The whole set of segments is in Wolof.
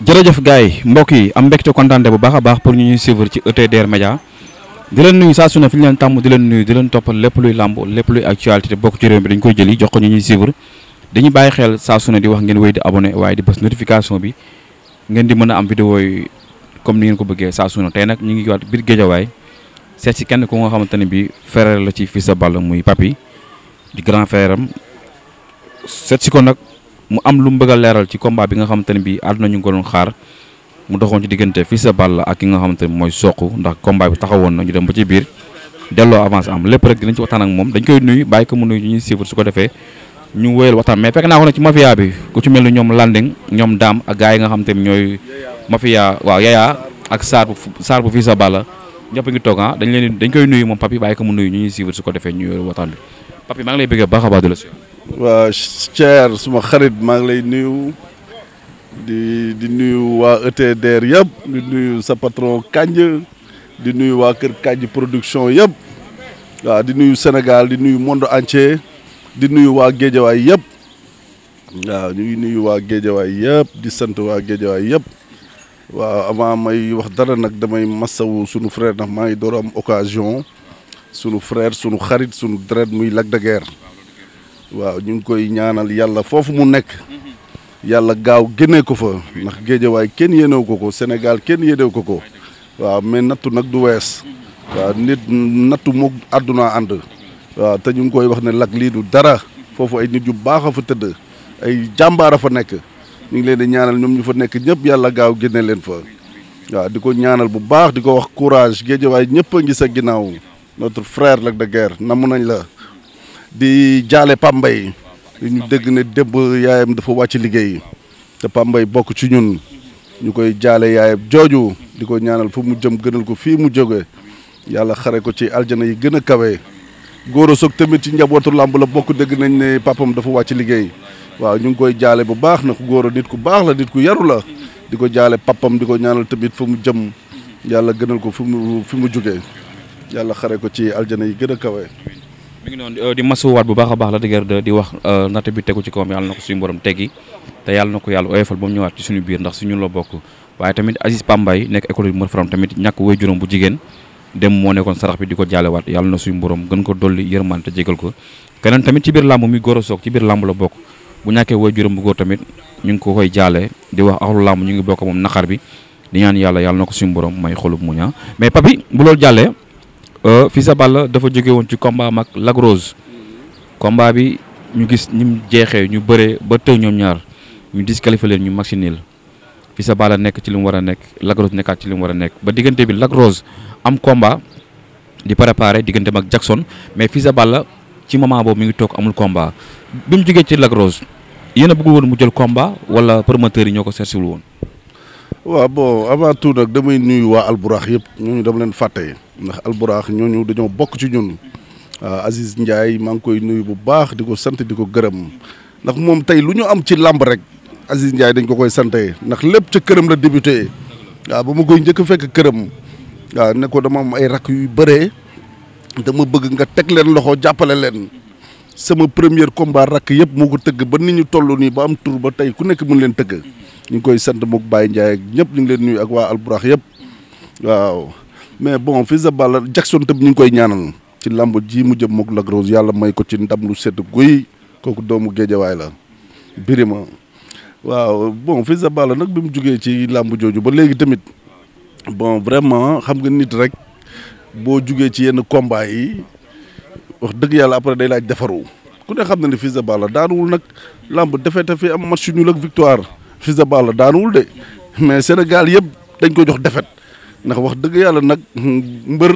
jërëjëf gars yi mbokk yi am mbégte kontaante bu baax a baax pour ñu ñuy suivre ci ETDR Média di leen nuyu saa su ne fi ñu leen tàmm di leen nuyu di leen toppal lépp luy làmb lépp luy actualité bokk ci réew mi dañ koy jëli jox ko ñu ñuy suivre dañuy bàyyi xel saa su di wax ngeen wéy di abonné waaye di bës notification bi ngeen di mën a am vidéo yi comme ni ngeen ko bëggee saa su ne tey nag ñu ngi waat biir géejawaay seet si kenn ku nga xamante ne bi frère la ci Fils de Balla muy Papi di grand frère am seet si ko nag mu am lu mu bëgg a leeral ci combat bi nga xamante ne bii àdduna ñu ngi ko doon xaar mu doxoon ci diggante Fils de Balla ak ki nga xamante ne mooy Sokh ndax combat bi taxawoon na ñu dem ba ci biir delloo avance am lépp rek dinañ ci waxtaan ak moom dañ koy nuyu bàyyi ko mu su ko defee ñu wéyal waxtaan mais fekk naa ko mafia bi ku ci mel ni ñoom Landing ñoom Dame ak gars yi nga xamante ne ñooy mafia waaw ak Saar bu Saar bu Fils de Balla ñëpp ngi toog ah dañ leen dañ koy nuyu moom papi bàyyi ñu ñuy suivre su ko defee ñu wéyal waxtaan bi papi maa ngi lay bëgg baax a baax di la si waaw Cher suma xarit maa ngi lay nuyu di di nuyu waa ETDR yëpp di nuyu sa patron Kanj di nuyu waa kër Kanj production yëpp waa di nuyu Sénégal di nuyu monde entier di nuyu waa Géejawaay yëpp waaw ñu ngi nuyu waa Géejawaay yëpp di sant waa Géejawaay yëpp waa avant may wax dara nag damay masawu sunu frère ndax maa ngi door am occasion sunu frère sunu xarit sunu dret muy lag de waaw ñu ngi koy ñaanal yàlla foofu mu nekk yàlla gaaw génne ko fa ndax géejawaay kenn yéenew ko ko Sénégal kenn yéenew ko ko waaw me nattu nag du wees waaw nit nattu moog àdduna ànd waaw te ñu ngi koy wax ne lag lii du dara foofu ay nit yu baax a fa tëdd ay jàmbaar a fa nekk ñu ngi leen di ñaanal ñoom ñu fa nekk ñëpp yàlla gaaw génne leen fa waaw di ko ñaanal bu baax di ko wax courage géejawaay ñëpp a ngi sa ginnaaw notre frère Lac de Guiers nañ la di jaale Pambay ñu dégg ne démb yaayam dafa wàcc liggéey te Pambay bokk ci ñun ñu koy jaale yaayam jooju di ko ñaanal fu mu jëm gënal ko fii mu jóge yàlla xare ko ci aljana yi gën a kawe góor soog tamit ci njabootu làmb la bokk dégg nañ ne papam dafa wàcc liggéey waaw ñu ngi koy jaale bu baax na nag góor nit ku baax la nit ku yaru la di ko jaale papam di ko ñaanal tamit fu mu jëm yàlla gënal ko fu mu fi mu jógee yalla xare ko ci aljana yi gëna kawé mi ngi non euh, di wat bu baax baax la de di wax euh, naté bi tegu ci kawam yalla nako suñu borom teggi té yalla nako yalla yàlla bu ba mu ñëwaat ci suñu biir ndax suñu lo bokku waye tamit Aziz Pambay nek école Mor Faram tamit ñak way juróom bu jigen dem mo nekkon sarax bi di ko wat yalla na suñu borom gën ko dolli yërmaan te jégal ko kenen tamit ci biir lamb mi góor a ci biir lamb la bokku bu ñaké way juróom bu goor tamit ñu ngi ko koy jale di wax axlu lamb ñu ngi bokk mom naqar bi di ñaan yalla yalla nako suñu borom may xolub muña mais papi bu lol Euh, fii sa Balla dafa jóge woon ci combat mag Lac Rose combat bi ñu gis ni mu jeexee ñu bëree ba tëw ñoom ñaar ñu disqualifié leen ñu match nul fii sa Balla nekk ci li mu war a nekk Lac Rose nekkaat ci li mu war a nekk ba diggante bi Lac Rose am combat di préparé diggante mag Jackson mais fii sa ci moment boobu mi ngi toog amul combat bi jógee ci Lac Rose yéen a woon mu jël combat wala promoteur yi ñoo ko seetsiwul woon. waaw bon avant tout nag damay nuyu waa alburax yëpp ñooñu dama leen fàtte ndax alburax ñooñu dañoo bokk ci ñun waaw ah, Aziz Ndiaye maa ngi koy nuyu bu baax di ko sant di ko gërëm ndax moom tey lu ñu am ci làmb rek Aziz Ndiaye dañ ko koy sante ndax lépp ci këram la débuté waa ah, ba ma koy njëkk fekk këram waa ah, ne ko dama am ay rakk yu bëree dama bëgg nga teg leen loxo jàppale leen sama premier combat rakk yëpp moo ko tëgg ba nit ñu toll nii ba am tur ba tey ku nekk mën leen tëgg ñu ngi koy sant mook Baye Ndiaye ak ñëpp ñu ngi leen nuyu ak waa Alburax yëpp waaw mais bon Fils de Balla Jackson tëb ñu ngi koy ñaanal ci làmb ji mu jëm mook Lac Rose yàlla may ko ci ndam lu sedd guy kooku doomu waay la birima waaw bon Fils de Balla nag bi mu jugee ci làmb jooju ba léegi tamit bon vraiment xam nga nit rek boo jugee ci yenn combat yi wax dëgg yàlla après day laaj defaru ku ne xam na ne Fils bala Balla daanuwul nag lamb defe te fi am match nul ak victoire Fils de Balla daanuwul de mais Sénégal yëpp dañ ko jox defet ndax wax dëgg yàlla nag mbër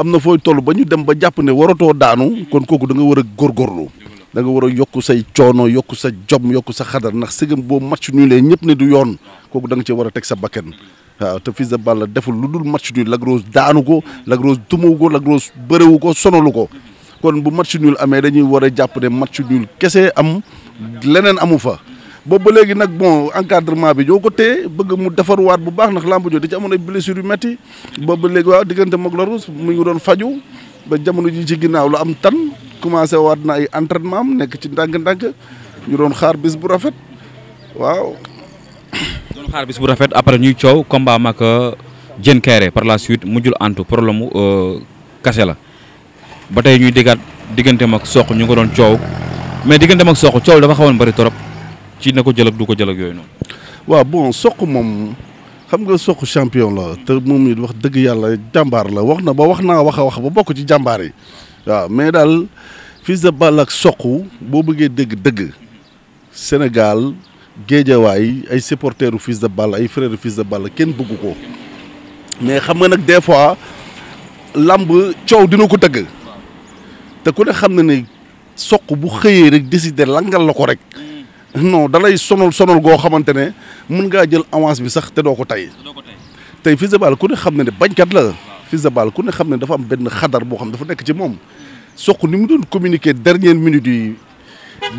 am na fooy toll ba ñu dem ba jàpp ne waratoo daanu kon kooku da nga war a góorgóorlu da nga war a yokk say coono yokk sa jom yokk sa xadar ndax sëgam boo match nul lee ñëpp ne du yoon kooku da nga cee war a teg sa bakken waaw te Fils Balla deful lu dul match nul Lac daanu ko Lac Rose tumuwu ko Lac Rose bërewu ko sonalu ko kon bu match nul amee dañuy war a jàpp ne match nul kese am leneen amu fa boobu ba léegi nag bon encadrement bi yoo ko téye bëgg mu waat bu baax nak lamb jo da ci amoon ay blessures yu metti boobu ba léegi waaw diggante mag la mu ngi doon faju ba jamono ji ci ginnaaw lu am tan commencé waat na ay entraînement am nekk ci ndànk-ndànk ñu doon xaar bis bu rafet waaw. doon xaar bis bu rafet après ñuy coow combat mak euh, par la suite jul antu problème mu euh, kase la ba tey ñuy déggaat diggante mag soq ñu ngi doon coow mais diggante mag soq coow dafa xawoon bari trop. ci ne ko jël du ko jël yooyu noonu. waaw bon soq moom xam nga soq champion la te moom it wax dëgg yàlla jàmbaar la wax na ba wax naa wax a wax ba bokk ci jàmbaar yi waaw mais daal Fils de Balla ak soq boo bëggee dëgg dëgg Sénégal géejawaay ay supporteru Fils de Balla ay frère Fils de Balla kenn bëgg ko mais xam nga nag des fois lamb coow dina ko dëgg te ku ne xam na ne soq bu xëyee rek décider langal la ko rek. non dalay sonal sonal goo xamante ne mën ngaa jël avance bi sax te doo ko tey tey Fils de Balla ku ne xam ne ne bañkat la Fils de Balla ku ne xam ne dafa am benn xadar boo xam ne dafa nekk ci moom soq ni mu doon communiquer dernière minute yi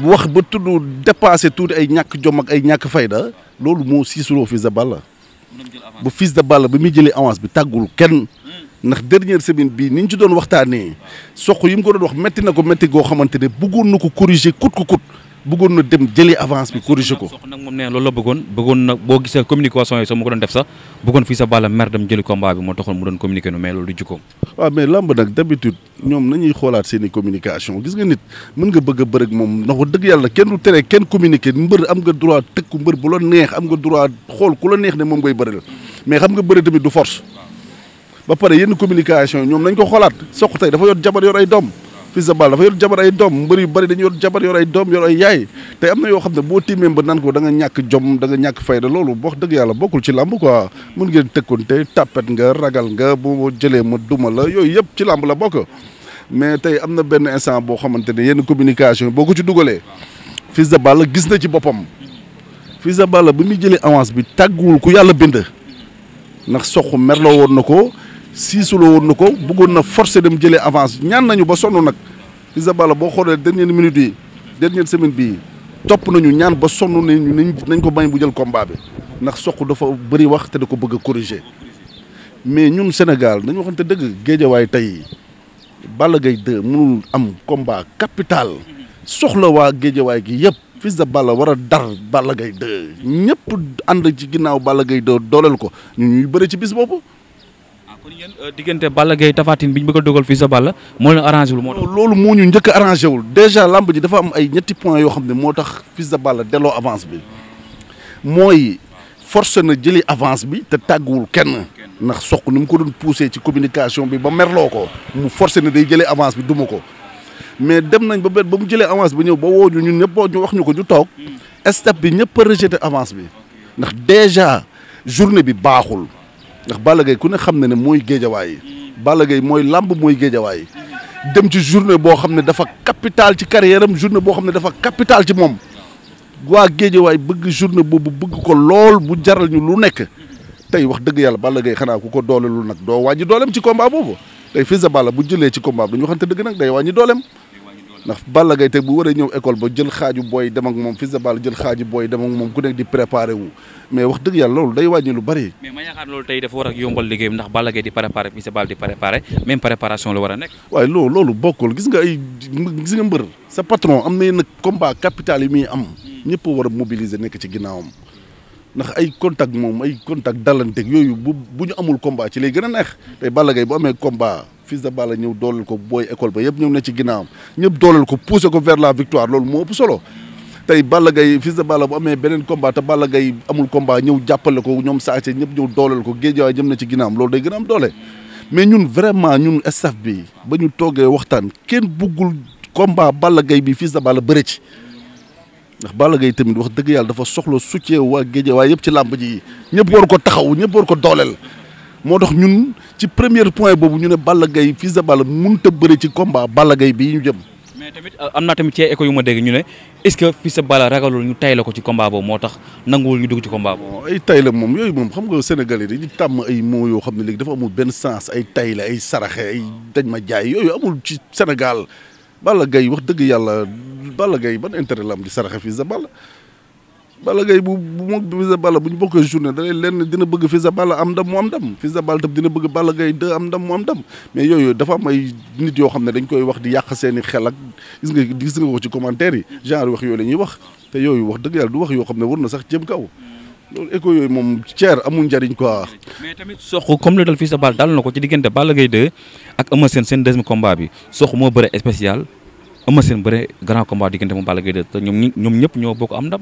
wax ba tudd dépassé tuuti ay ñàkk jomma ak ay ñàkk fayda loolu moo siisuloo Fils de Balla ba fis de ball ba muy jëlee avance bi tàggul kenn ndax dernière semaine bi ni ñu ci doon waxtaanee soq yi mu ko doon wax métti na ko métti goo xamante ne bëggoon na ko corriger kut bëggoon na dem jëlé avance bi corriger ko nak mom nee loolu la bëggoon bëggoon nak bo gisé communication yi sama ko doon def sa bëggoon fi sa Balla mer dem jëli combat bi mo taxoon mu doon communiquer no mais loolu du jikkoom waaw mais lamb nak d'habitude ñom nañuy xolaat seen communication gis nga nit mën nga bëgg bërek mom moom dëgg yalla kenn du téré kenn communiquer mbeur am nga droit tekk mbeur bu la neex am nga droit xol ku la neex ne mom ngoy bërel mais xam nga bëre tamit du force ba paré yeen communication ñom nañ ko xolaat soq tay dafa yor jabar yor ay dom Fils de Balla dafa yor jabar ay doom mbër yu bëri dañu yor jabar yor ay doom yor ay yaay te am na yoo xam ne boo tiimee ba nan ko da nga ñàkk jom da nga ñàkk fayda loolu wax dëgg yàlla bokkul ci làmb quoi mun ngeen tëkkonte tàppet nga ragal ma duma yooyu yëpp ci làmb la bokk mais tey am na benn instant boo xamante ne yenn communication boo ko ci dugalee Fils de Balla gis na ci boppam Fils de Balla bi muy jëlee avance bi tàgguwul ku yàlla bind ndax soxu merloo woon na ko siisuloo woon na ko bëggoon na forcer dem jëlee avance ñaan nañu ba sonn nag Isaballa boo xoolee dernière minute yi dernière semaine bi topp nañu ñaan ba sonn nañu nañ ko bañ bu jël combat bi ndax soq dafa bëri wax da ko bëgg a mais ñun Sénégal dañu waxante dëgg géejawaay tey Balla Gaye 2 am combat capital soxla waa géejawaay gi yëpp Fils de Balla war a dar Balla Gaye 2 ñëpp ànd ci ginnaaw Balla gay 2 dooleel ko ñu ñuy bëri ci bis boobu kon yéen euh, diggante Balla Gaye Tapha Tine bi ñu bëgg a dogal fii sa Balla moo leen moo tax loolu moo ñu njëkk arrangé wul déjà lamb ji dafa am ay ñetti point yoo xam ne moo tax fils de Balla delloo avance bi mooy force na jëli avance bi te tàgguwul kenn ndax soq ni mu ko doon poussé ci communication bi ba merloo ko mu forcé na day jëlee avance bi duma ko mais dem nañ ba bet ba mu jëlee avance bi ñëw ba woo ñu ñun ñëpp ñu wax ñu ko ñu toog step bi ñëpp a rejeté avance bi ndax déjà journée bi baaxul ndax Balla Gaye ku ne xam ne ne mooy géejawaay yi Balla mooy làmb mooy géejawaay yi dem ci journée boo xam ne dafa capital ci carrière am journée boo xam ne dafa capital ci moom waa géejawaay bëgg journée boobu bëgg ko lool bu jaral ñu lu nekk tey wax dëgg yàlla Balla Gaye xanaa ku ko doolelul nag doo wàññi dooleem ci combat boobu tey Fils de bu jëlee ci combat bi dañu waxante dëgg nag day wàññi dooleem ndax Balla Gaye tey bu war a ñëw école boo jël xaaju booy dem ak moom Fils de Balla jël xaaju booy dem ak moom ku nekk di préparé wu mais wax dëgg yàlla loolu day wàññi lu bari. mais ma yaakaar loolu tey dafa war a yombal liggéeyam ndax Balla Gaye di préparé Fils de Balla di préparé même préparation la war a nekk. waaye loolu loolu bokkul gis nga ay mbër sa patron am na yenn combat capital yi muy am. ñëpp war a mobiliser nekk ci ginnaawam. ndax ay contact moom ay contact dalanteeg yooyu bu bu ñu amul combat ci lay gën a neex tey Balla Gaye bu fils de Balla ñëw dooleel ko booy école ba yëpp ñëw na ci ginnaawam ñëpp dooleel ko pousser ko vers la victoire loolu moo ëpp solo tey Balla Gaye fils de bala bu amee beneen combat te Balla Gaye amul combat ñëw jàppale ko ñoom saa ñëpp ñëw dooleel ko géejawaay jëm na ci ginnaawam loolu day gën a doole. mais ñun vraiment ñun staff bi ba ñu toogee waxtaan kenn buggul combat Balla Gaye bi fils de Balla bëre ci ndax bala Gaye tamit wax dëgg yàlla dafa soxla soutien waa waaye yëpp ci làmb ji ñëpp war ko taxaw ñëpp war ko dooleel. moo tax ñun ci première point boobu ñu ne Balla gay Fils de Balla mun a bëri ci combat Balla gay bi ñu jëm. mais tamit euh, am naa tamit ci écho yu ma dégg ñu ne est-ce que Fils de Balla ragalul ñu tay la ko ci combat boobu moo tax nanguwul ñu dugg ci combat boobu. ay tay moom yooyu moom xam nga sénégalais dañuy tàmm ay mots yoo xam ne léegi dafa amul benn sens ay tay la ay saraxe ay dañ ma jaay yooyu amul ci Sénégal Balla Gaye wax dëgg yàlla Balla gay ban intérêt la am di saraxe Fils de Balla Balla Gaye bu bu bu ñu bokkee journée da lay lenn dina bëgg Fils de Balla am ndam mu am ndam Fils de dina bëgg Balla Gaye 2 am ndam am mais yooyu dafa am ay nit yoo xam ne dañ koy wax di yàq seen i xel ak gis nga gis nga ko ci commentaire yi genre wax yooyu la ñuy wax te yooyu wax dëgg yàlla wax yoo xam ne war na sax jëm kaw loolu écho moom ceer amul njariñ quoi. mais tamit sox comme li dal fii sa Balla dal na ko ci diggante bala Gaye 2 ak Eumeu Sène seen deuxième combat bi sox moo bëre spécial Eumeu Sène bëre grand combat diggante moom Balla Gaye 2 te ñoom ñoom ñëpp ñoo bokk am ndam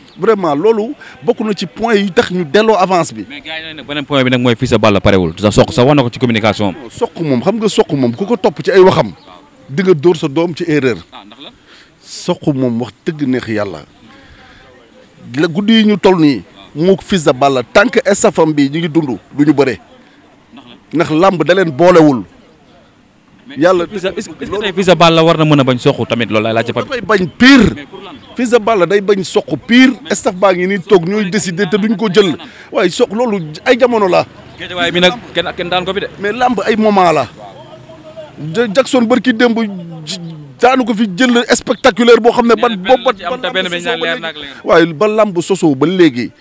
vraiment loolu bokk na ci point yi tax ñu delloo avance bi. mais gars yi nag bi nag mooy fii sa Balla parewul sa soq sa wax na ko ci communication am. soq moom xam nga soq moom ku ko topp ci ay waxam. di nga dóor sa doom ci erreur. Ah, soq moom wax dëgg neex yàlla. la guddi yi ñu toll nii. moo ko fils Balla tant que estafam bi ñu ngi dund lu ñu bëre. ndax làmb da leen boolewul. yàlla est-ce que Fils Balla war na mën a bañ soq tamit loolu laay laajte. dafay bañ pire. Fils Balla day bañ soq pire. staff baa ngi nii toog ñooy décider te duñ ko jël waaye soq loolu ay jamono la. géejawaay bi nag kenn kenn daan ko fi de. mais làmb ay moment la. Jackson bërki démb daanu ko fi jël spectaculaire boo xam ne ban. waaye ba làmb sosoo ba léegi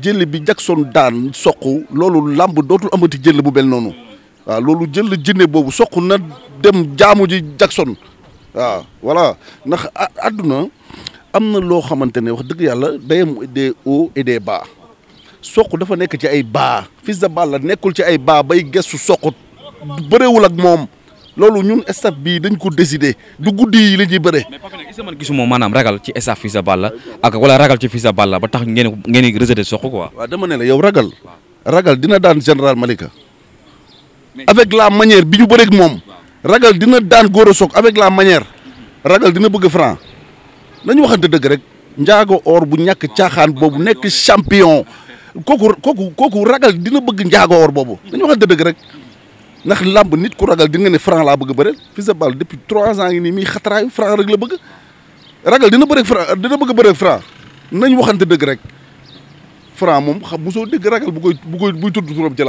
jël bi Jackson daan soq loolu làmb dootul amati jël bu bel noonu. waaw loolu jël la jinne boobu soq na dem jaamu ji Jackson waaw voilà ndax àdduna am na loo xamante ne wax dëgg yàlla day am des hauts et des bas soq dafa nekk ci ay baa Fils de Balla nekkul ci ay baa bay gestu soq bëreewul ak moom loolu ñun staff bi dañ ko décider du guddi yi la ñuy bëre. mais Pape Nek man gisuma maanaam ragal ci staff Fils de Balla ak wala ragal ci Fils Balla ba tax ngeen ngeen rejeté soq ko waaw dama ne la yow ragal. ragal dina daan général Malika. avec la manière biñu ñu ak mom ragal dina daan goro sok avec la manière ragal dina bëgg franc nañu de deug rek njaago or bu ñak caaxaan bobu nek champion koku koku koku ragal dina bëgg njaago or boobu waxa de deug rek nak lamb nit ku ragal di nga ne franc la bëgg a bëreel Fils de Balla depuis 3 ans ngi ni mi xatraay franc rek la bëgg ragal dina bëreeg franc dina bëgg a franc nañ waxante deug rek franc mom xam mosoo deug ragal bu koy bu koy buy tuddu turam ci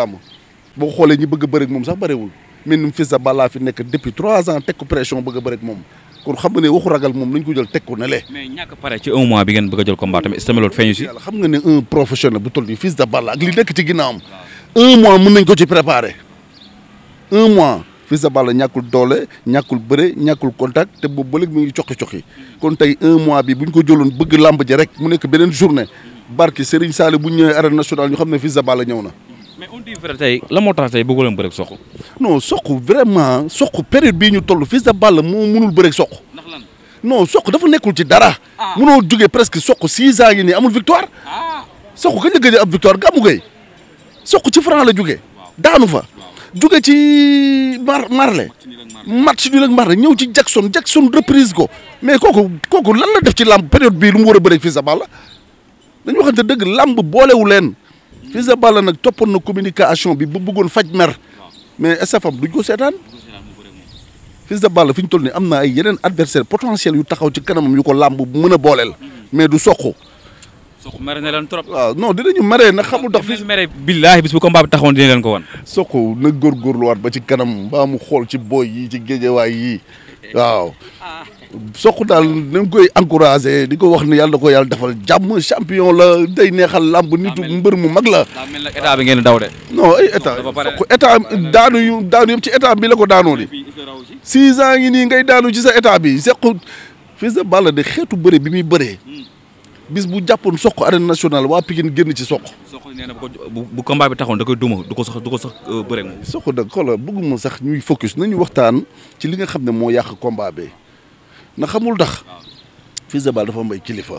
boo xoolee ñi bëgg a moom sax bëriwul mais nu mu de Balla fi nekk depuis trois ans teg ko pression bëgg a moom kon xam ne waxu ragal moom nañ ko jël teg ko ne lee. mais ñàkk pare ci un mois bi ngeen bëgg jël combat tamit est-ce que loolu feeñu si. yàlla ko ci mois. Fils de Balla ñàkkul doole ñàkkul bëre ñàkkul contact te boobu ba léegi mu ngi coqi coqi kon tey un mois bi bu ñu ko jëloon bëgg làmb ji rek mu nekk beneen journée barki Serigne Sall bu ñu ñëwee arène nationale ñu xam ne Fils de Balla ñëw na. mais on dit vrai tey la moo tax tey bëggoon na bëreeg soq. non soq vraiment soq période bii ñu toll Fils de Balla moo mënul bëreeg soq. ndax lan non soq dafa nekkul ci dara. Ah. mënoo jógee presque soq six ans yi nii amul victoire. soq kañ la gëj ab victoire gàmmu gay soq ci franc la jógee daanu fa. jóge ci mar marle match ni nag marle ñëw ci Jackson Jackson reprise ko mais kooku kooku lan la def ci làmb période bii lu mu war a bëri fii sa dëgg làmb boolewu leen Fils de Balla nag toppoon na communication bi bu bëggoon faj mer mais SFM duñ ko seetaan Fils de bala fi ñu toll nii am na ay yeneen adversaire potentiel yu taxaw ci kanamam yu ko làmb mën a booleel mais du soq. soq mere na leen trop. waaw non dinañu meree nag xamul tax. fils mere billaahi bis bu combat bi taxawoon dina leen ko wan. soq na góorgóorluwaat ba ci kanam mbaa mu xool ci booy yi ci géejewaay yi waaw Sokh daal nañ koy encouragé di ko wax ni yàlla ko yàlla defal jàmm champion la day neexal làmb nitu mbër mu mag la. daa mel ne état ngeen daw de. non ay daanu yu daanu yëpp ci état bi la ko daanoo di. six ans ngi nii ngay daanu ci sa état bi Sokh fils de Balla de xeetu bëre bi muy bëree. Hmm. bis bu jàppoon soq arène nationale waa Pikine génn ci soq. soq nee na bu ko bu combat bi taxoon da koy duma du ko sax du ko sax euh, bëre moom. soq da xoola bëgguma sax ñuy focus nañu waxtaan ci li nga xam ne moo yàq combat bi na xamul ndax Fils de dafa mbay kilifa.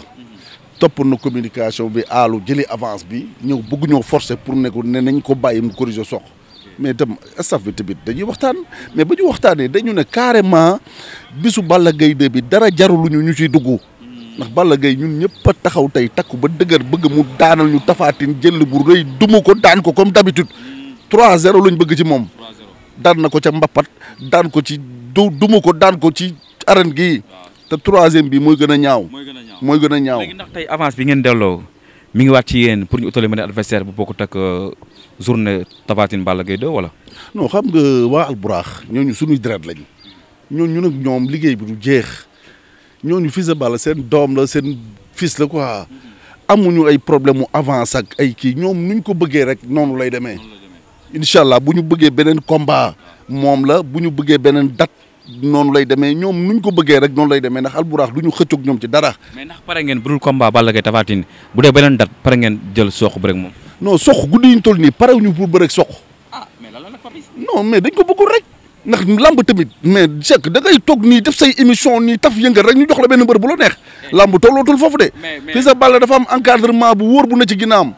topp na communication bi aalu jëli avance bi ñëw bëgg ñoo pour ne ko ne nañ ko bàyyi mu corriger soq. mais itam staff bi tamit dañuy waxtaan mais ba ñu waxtaan waxtaanee dañu ne carrément bisu Balla Gaye 2 bi dara jarul ñu ñu ciy dugg. ndax Balla Gaye ñun ñëpp a taxaw tey takku ba dëgër bëgg mu daanal ñu tafaatin jël bu rëy duma ko daan ko comme d'habitude 3-0 lañ bëgg ci moom. daan na ko ca Mbapat daan ko ci du duma ko daan ko ci arène gii te troisième bi mooy gën a ñaaw. mooy gën a ñaaw léegi ndax tey avance bi ngeen delloo mi ngi waat ci yéen pour ñu utale mën adversaire bu bokkut ak euh, journée Tafatine Balla Gaye 2 wala. non xam nga waa Alburaax ñooñu suñuy deret lañ ñooñu nag ñoom liggéey bi du jeex. ñooñu Fils de Balla seen doom la seen fiis la ko quoi amuñu ay problème mu avance ak ay kii ñoom nuñ ko bëggee rek noonu lay demee incha allah bu ñu bëggee beneen combat moom la bu ñu bëggee beneen date noonu lay demee ñoom nuñ ko bëggee rek noonu lay demee ndax alburax du ñu xëccoog ñoom ci dara. mais ndax pare ngeen budul combat Balla Gaye Tapha Tine bu dee beneen date pare ngeen jël soq bu rek moom. non soq guddi ñu toll nii pare wu ñu pour bëreeg soq. ah mais la non dañ ko bëggul rek. ndax lamb tamit mais Cheikh da ngay toog nii def say émission nii taf yëngal rek ñu jox la benn mbër bu la neex. lamb tollootul foofu de. fii sa Balla dafa am encadrement bu wóor bu ne ci ginnaawam.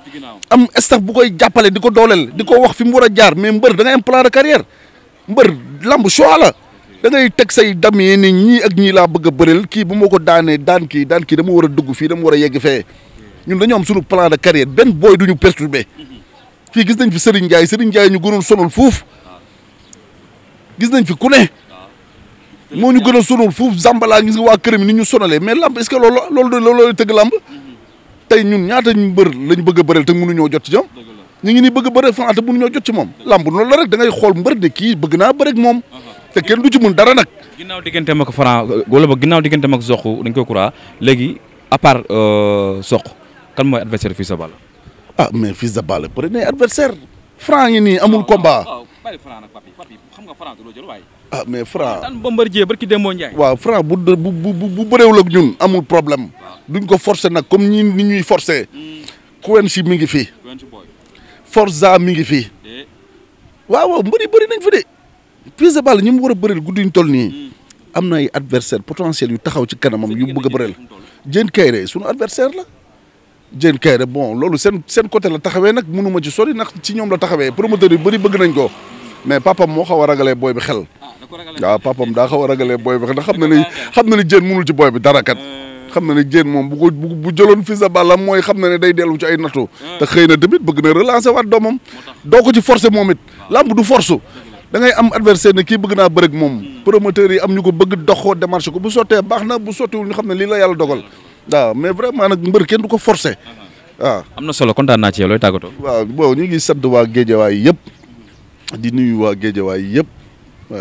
am staff bu koy jàppale di ko dooleel di ko wax fi mu war a jaar mais mbër da ngay am plan de carrière mbër lamb choix la. da ngay teg say dam yi ni ñii ak ñii laa bëgg a bëreel kii bu ma ko daanee daan ki daan kii dama war a dugg fii dama war a yegg fee. ñun dañoo am suñu plan de carrière benn booy du ñu perturbé. Mm-hmm. fii gis nañ fi Serigne Ndiaye Serigne Ndiaye ñu gënoon sonal fuuf gis nañ fi ku ne. moo ñu gën a sonal foofu Zambala gis nga waa këram ni ñu sonalee mais lamb est-ce que loolu loolu loolu tëgg lamb tey ñun ñaata mbër lañ bëgg a bëreel munu mënuñoo jot ci ñoom. ñu ngi ni bëgg a bëreel Franc te mënuñoo jot ci moom. lamb loolu la rek da ngay xool mbër de kii bëgg naa bërek moom. te kenn du ci mun dara nag. ginnaaw diggante mag Franc wala ba ginnaaw diggante mag Sokh dañ koy Kura léegi a part euh, Sokh kan mooy adversaire Fils de Balla. ah mais Fils de Balla premier adversaire Franc ngi nii amul combat. ah mais Franc. daan Bombardier barki Demba Ndiaye. waaw Franc bu bu bu bu bëreewul ak ñun amul problème. duñ ko forcer nag comme ñi ni ñuy forcer. Kouenchi mi ngi fi. Forza mi ngi fi. waaw waaw mbëri bëri nañ fi de. Fils de Balla ñi mu war a bëreel guddi ñu toll nii. am na ay adversaire potentiel yu taxaw ci kanamam yu bëgg a bëreel. Diène sunu adversaire la. jeen kéré bon loolu sen sen côté la taxawé nak mënu ma ci sori nak ci ñom la taxawé promoteur yu bari bëgg nañ ko mais papa mo xawa ragalé boy bi xel. ah papam daa xaw a ragalee bi xel ndax xam na ni xam na ni jeen mënul ci boy bi dara kat. Euh. xam na ne Diène bu ko bu jëloon fi sa Balla moy xam na ne day dellu ci ay natou euh. te xeyna debit bëgg na relancer wat domam do ko ci forcer momit ah. lamb du force da ngay am adversaire ne ki bëgg na bërek mom hmm. promoteur yi am ñuko bëgg doxo démarche ko bu soté baxna bu soté wu ñu xam ne la yalla dogal waaw ah, mais vraiment nag mbër kenn du Ah, forcer waaw. am na solo kontaan naa ci yow looy tàggatoo. waaw bon ñu ngi sant waa géejawaay yëpp di nuyu waa géejawaay yëpp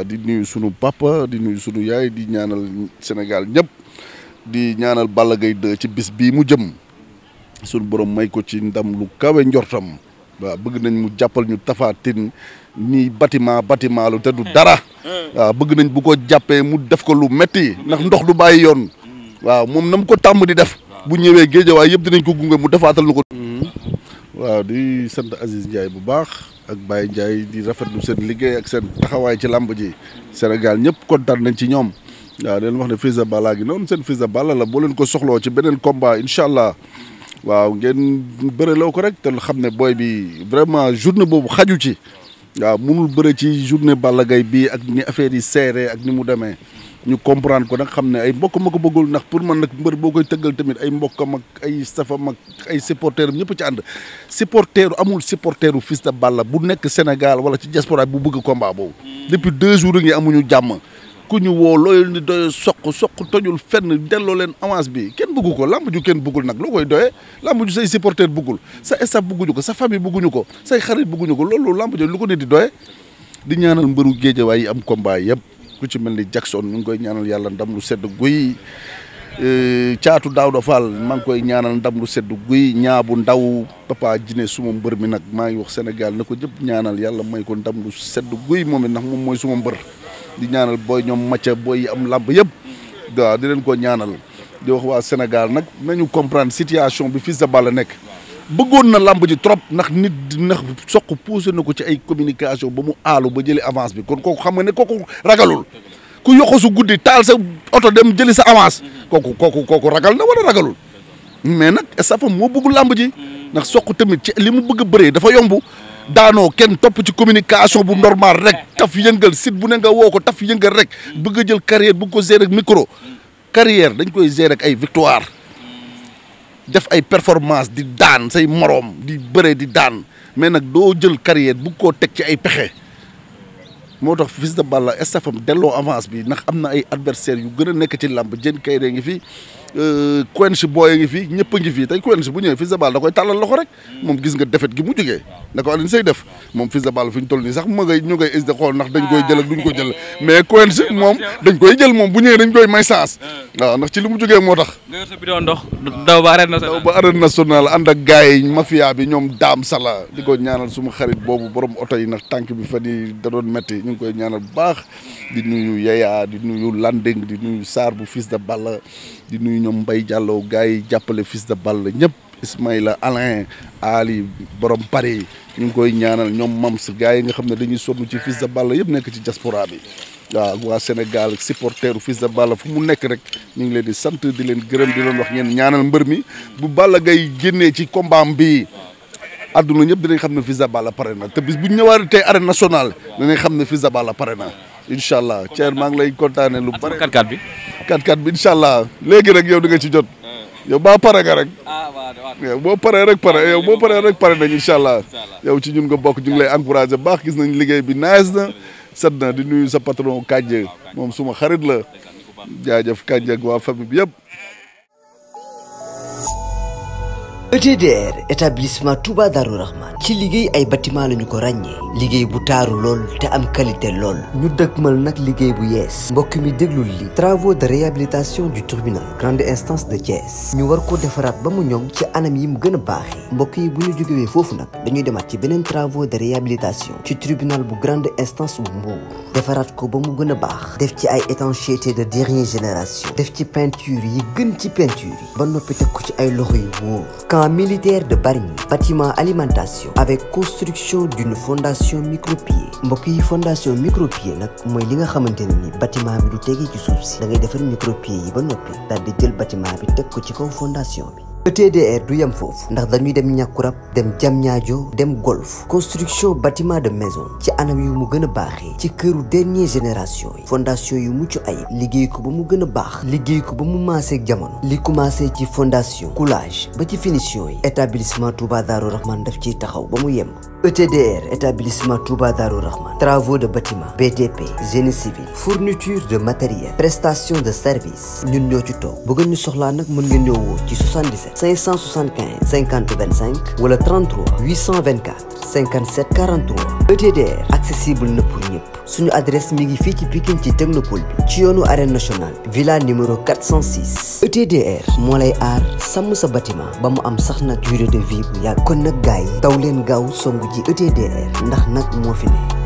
di nuyu sunu papa di nuyu sunu yaay di ñaanal Sénégal ñëpp di ñaanal Balla de 2 ci bis bii mu jëm sunu borom may ko ci ndam lu kawe njortam waaw bëgg nañ mu jàppal ñu tafaatin nii bâtiment bâtiment lu te du dara eh. waaw bëgg nañ bu ko jàppee mu def ko lu metti ndax ndox du bàyyi yoon. waaw moom na mu ko tàmm di def. bu ñëwee waaye yëpp dinañ ko gunge mu defaatal lu ko. Mm-hmm. waaw di sant Aziz Ndiaye bu baax ak Baye Ndiaye di rafet lu seen liggéey ak seen taxawaay ci làmb ji Sénégal ñëpp kontaan nañ ci ñoom. waaw leen wax ne Fils de gi noonu seen Fils de la boo ko soxloo ci beneen combat incha allah waaw ngeen bëreloo ko rek te xam ne booy bi vraiment journée boobu xaju ci waaw mënul bëre ci journée Balla Gaye bii ak ni affaire yi seere ak ni mu demee. ñu comprendre ko nak xam ne ay mbokk mako bëggul nak pour man nak mbeur boo teggal tamit ay mbokk mak ay safa mak ay supporter ñepp ci and supporter amul supporter Fils de Balla bu nek Sénégal wala ci diaspora bu bëgg combat boobu depuis deux jours ngi amuñu jamm ku ñu wo loyal ni doy sokk sokk tojul fenn delo len avance bi kenn bëggu ko lamb ju kenn bëggul nak lokoy koy lamb ju say supporter bëggul sa staff bëgguñu ko sa famille bëgguñu ko say xarit bëgguñu ko lolu lamb ju lu ko nit di doyee di ñaanal mbeuru géejawaay am combat yëpp ku ci mel ni Jackson ñu ngi koy ñaanal yàlla ndam lu sedd guy e, caatu Daawda Fall maa ngi koy ñaanal ndam lu sedd guy ñaabu ndaw Papa Jine suma mbër mi nag maa ngi wax Sénégal na ko jëpp ñaanal yàlla may ko ndam lu sedd guy moom it ndax moom mooy suma mbër di ñaanal booy ñoom macca booy yi am làmb yëpp waaw di leen ko ñaanal di wax waa Sénégal nag ñu comprendre situation bi fi Zabala nekk bëggoon na làmb ji trop ndax nit ndax soq poussé na ko ci ay communication ba mu aalu ba jëli avance bi kon kooku xam nga ne kooku ragalul ku yokk su guddi taal sa oto dem jëli sa avance kooku kooku kooku ragal na wala ragalul mais nag estafam moo bëgg làmb ji ndax soq tamit ci li mu bëgg a bëree dafa yomb daanoo kenn topp ci communication bu normal rek taf yëngal site bu ne nga woo ko taf yëngal rek bëgg jël carrière bëgg ko gérer ak micro carrière dañ koy gérer rek ay victoire def ay performance di daan say moroom di bëre di daan mais nag doo jël carrière bu koo teg ci ay pexe moo tax Fils de Balla estafam delloo avance bi ndax am na ay adversaires yu gën a nekk ci làmb jën kay ngi fi Euh, Quench booy ngi fii ñëpp a ngi fi tey Quench bu ñëwee Fils de Balla da koy tàllal loxo rek mm. moom gis nga defet gi mu jógee da ko Alioune Seye def fi ñu toll nii sax ma ngay ñu ngay hésité dañ koy jël ak duñ ko jël mais Quench moom dañ koy jël moom bu ñëwee dañ koy may chance mm. waaw ndax ci li mu jógee moo tax daw ba arène nationale ànd ak gars ma mafia bi ñoom daam sala di ko ñaanal suma xarit boobu borom oto yi ndax tànk bi fa yi da doon métti ñu ngi koy ñaanal bu baax di nuyu Yaya di nuyu Landing di nuyu saar bu fiis de Balla di nuyu ñoom mbay jàlloo gars yi jàppale fils de balle ñëpp Ismaïla Alain Ali borom yi ñu ngi koy ñaanal ñoom Mams gars yi nga xam ne dañuy sonn ci fis de balle yëpp nekk ci jaspora bi waaw ak waa Sénégal supporteru fils de balle fu mu nekk rek ñu ngi leen di sant di leen gërëm di leen wax ngeen ñaanal mbër mi bu Balla Gaye génnee ci combat bi àdduna ñëpp dinañ xam ne fils de balle pare na te bis bu ñu ñëwaatee arène nationale dinañ xam ne fils de balle pare na. incha allah Thierre maa ngi lay kontaane lu bari 4 bi 4 bi incha allah léegi rek yow di nga ci jot eh. yow baa pare ga rek ah, yow boo paree rek pare yow boo paree rek pare nañ incha allah yow ci ñun nga bokk ñu ngi lay encouragé baax gis nañ liggéey bi naaj na set di nuyu sa patron Kàjje moom suma xarit la jaajëf Kàjje ak waa famille bi yëpp ETDR établissement Touba Darou Rahman ci liguey ay bâtiment lañu ko ragné liguey bu taaru lol té am qualité lol ñu dëgmal nak liguey bu yes mbokk mi déglul li travaux de réhabilitation du tribunal grande instance de Thiès ñu war ko defaraat ba mu ñom ci anam yi mu gëna baxé baaxee mbokk yi bu ñu jógewee fofu nak dañuy demaat ci benen travaux de réhabilitation ci tribunal bu grande instance bu Mbour defaraat ko ba mu gëna bax def ci ay étanchéité de dernière génération def ci peinture yi gën ci peinture yi ba nopi teg ko ci ay loxo yu wóor militaire de Barigny, bâtiment alimentation avec construction d'une fondation micropieux mbokk fondation micropieux nak moy li nga xamanteni ni bâtiment bi du tegee ci suuf si da ngay defar micropieux yi ba noppi dal di jël bâtiment bi teg ci kaw fondation ETDR du yem foofu ndax dañuy dem ñàkkurab dem dem golf construction bâtiment de maison ci anam yu mu gëna ci dernier génération fondation yu muccu ay liggéey ko ba mu gëna bax ko ba mu jamono li commencé ci fondation coulage ba ci finition yi établissement Touba Darou Rahman daf taxaw ba mu yem ETDR établissement Touba Darou Rahman travaux de bâtiment BTP génie civil fourniture de matériel prestation de service ñun ñoo ci bu ñu soxla nous mën 77 575 50 25 le 33 824 57 43 ETDR accessible ne pour nous. une adresse magnifique ngi fii ci technopole Chiono arène nationale villa numéro 406 ETDR moo Samu Sabatima, sàmm sa am durée de vie bu Gaï, kon Gaou ETDR ndax nag